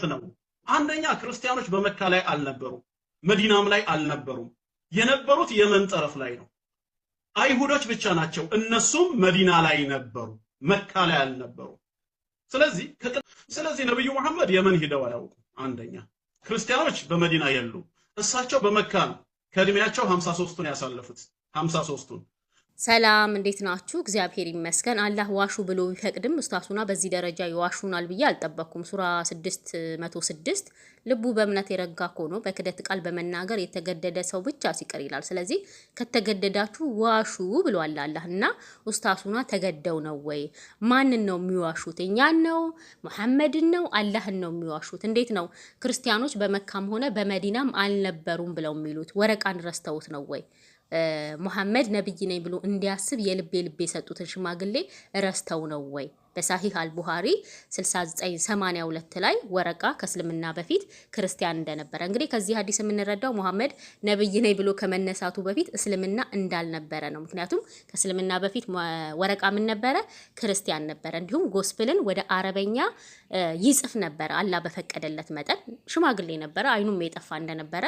እውነት ነው። አንደኛ ክርስቲያኖች በመካ ላይ አልነበሩም፣ መዲናም ላይ አልነበሩም። የነበሩት የመን ጠረፍ ላይ ነው። አይሁዶች ብቻ ናቸው። እነሱም መዲና ላይ ነበሩ፣ መካ ላይ አልነበሩ። ስለዚህ ስለዚህ ነብዩ መሐመድ የመን ሂደው አያውቁም። አንደኛ ክርስቲያኖች በመዲና የሉ፣ እሳቸው በመካ ነው። ከእድሜያቸው 53ቱን ያሳለፉት 53ቱን ሰላም እንዴት ናችሁ? እግዚአብሔር ይመስገን። አላህ ዋሹ ብሎ ቢፈቅድም ውስታሱና በዚህ ደረጃ ይዋሹናል ብዬ አልጠበቅኩም። ሱራ 606 ልቡ በእምነት የረጋ ከሆኖ በክደት ቃል በመናገር የተገደደ ሰው ብቻ ሲቀር ይላል። ስለዚህ ከተገደዳችሁ ዋሹ ብሏል አላህ። እና ውስታሱና ተገደው ነው ወይ? ማንን ነው የሚዋሹት? እኛን ነው? መሐመድን ነው? አላህን ነው የሚዋሹት? እንዴት ነው ክርስቲያኖች በመካም ሆነ በመዲናም አልነበሩም ብለው የሚሉት? ወረቃን ረስተውት ነው ወይ? ሙሐመድ ነብይ ነኝ ብሎ እንዲያስብ የልቤ ልቤ የሰጡትን ሽማግሌ ረስተው ነው ወይ በሳሂህ አልቡሃሪ 6982 ላይ ወረቃ ከእስልምና በፊት ክርስቲያን እንደነበረ እንግዲህ ከዚህ ሀዲስ የምንረዳው ሙሐመድ ነብይ ነኝ ብሎ ከመነሳቱ በፊት እስልምና እንዳልነበረ ነው። ምክንያቱም ከእስልምና በፊት ወረቃ ምን ነበረ? ክርስቲያን ነበረ። እንዲሁም ጎስፕልን ወደ አረበኛ ይጽፍ ነበረ አላ በፈቀደለት መጠን ሽማግሌ ነበረ። አይኑም የጠፋ እንደነበረ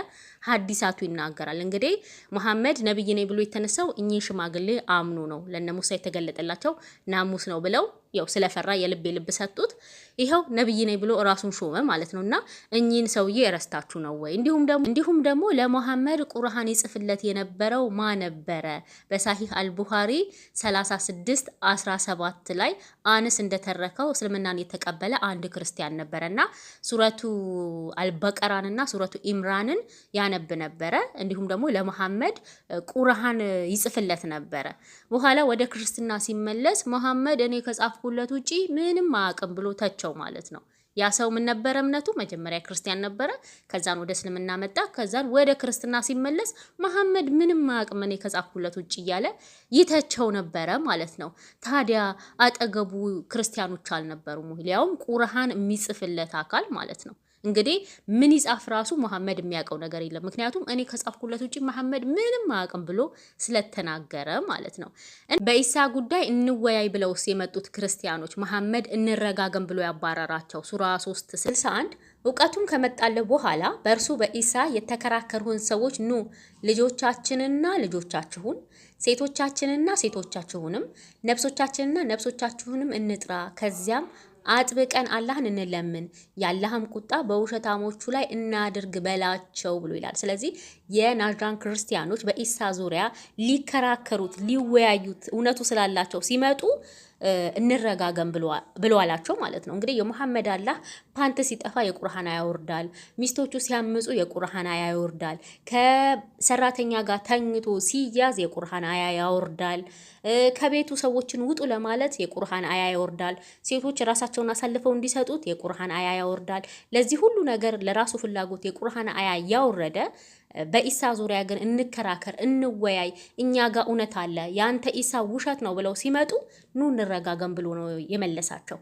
ሀዲሳቱ ይናገራል። እንግዲህ ሙሐመድ ነብይ ነኝ ብሎ የተነሳው እኚህ ሽማግሌ አምኑ ነው ለነ ሙሳ የተገለጠላቸው ናሙስ ነው ብለው ያው ስለፈራ የልብ የልብ ሰጡት። ይኸው ነብይ ነኝ ብሎ ራሱን ሾመ ማለት ነው። እና እኚህን ሰውዬ እረስታችሁ ነው ወይ? እንዲሁም ደግሞ ለሙሐመድ ቁርሃን ይጽፍለት የነበረው ማ ነበረ? በሳሂህ አልቡሃሪ 36 17 ላይ አንስ እንደተረከው እስልምናን የተቀበለ አንድ ክርስቲያን ነበረ እና ሱረቱ አልበቀራንና ሱረቱ ኢምራንን ያነብ ነበረ። እንዲሁም ደግሞ ለሙሐመድ ቁርሃን ይጽፍለት ነበረ። በኋላ ወደ ክርስትና ሲመለስ ሙሐመድ እኔ ከጻፍኩለት ከመጉዳት ውጪ ምንም አያውቅም ብሎ ተቸው ማለት ነው። ያ ሰው ምን ነበረ እምነቱ? መጀመሪያ ክርስቲያን ነበረ። ከዛን ወደ እስልምና መጣ። ከዛን ወደ ክርስትና ሲመለስ መሐመድ ምንም አያውቅም እኔ ከጻፍኩለት ውጭ እያለ ይተቸው ነበረ ማለት ነው። ታዲያ አጠገቡ ክርስቲያኖች አልነበሩም? ሊያውም ቁርሃን የሚጽፍለት አካል ማለት ነው። እንግዲህ ምን ይጻፍ ራሱ መሐመድ የሚያውቀው ነገር የለም። ምክንያቱም እኔ ከጻፍኩለት ውጭ መሐመድ ምንም አያውቅም ብሎ ስለተናገረ ማለት ነው። በኢሳ ጉዳይ እንወያይ ብለውስ የመጡት ክርስቲያኖች መሐመድ እንረጋገን ብሎ ያባረራቸው ሱራ 3 61 እውቀቱም ከመጣለ በኋላ በእርሱ በኢሳ የተከራከሩን ሰዎች ኑ ልጆቻችንና ልጆቻችሁን ሴቶቻችንና ሴቶቻችሁንም ነፍሶቻችንና ነፍሶቻችሁንም እንጥራ ከዚያም አጥብቀን አላህን እንለምን የአላህም ቁጣ በውሸታሞቹ ላይ እናድርግ በላቸው ብሎ ይላል። ስለዚህ የናዝራን ክርስቲያኖች በኢሳ ዙሪያ ሊከራከሩት ሊወያዩት እውነቱ ስላላቸው ሲመጡ እንረጋገም ብለዋላቸው ማለት ነው። እንግዲህ የመሐመድ አላህ ፓንት ሲጠፋ የቁርሃን አያወርዳል፣ ሚስቶቹ ሲያምፁ የቁርሃን ያወርዳል፣ ከሰራተኛ ጋር ተኝቶ ሲያዝ የቁርሃን አያ ያወርዳል፣ ከቤቱ ሰዎችን ውጡ ለማለት የቁርሃን አያ ያወርዳል፣ ሴቶች ራሳቸውን አሳልፈው እንዲሰጡት የቁርሃን አያ ያወርዳል። ለዚህ ሁሉ ነገር ለራሱ ፍላጎት የቁርሃን አያ ያወረደ በኢሳ ዙሪያ ግን እንከራከር፣ እንወያይ፣ እኛ ጋር እውነት አለ፣ የአንተ ኢሳ ውሸት ነው ብለው ሲመጡ ኑ እንረጋገም ብሎ ነው የመለሳቸው።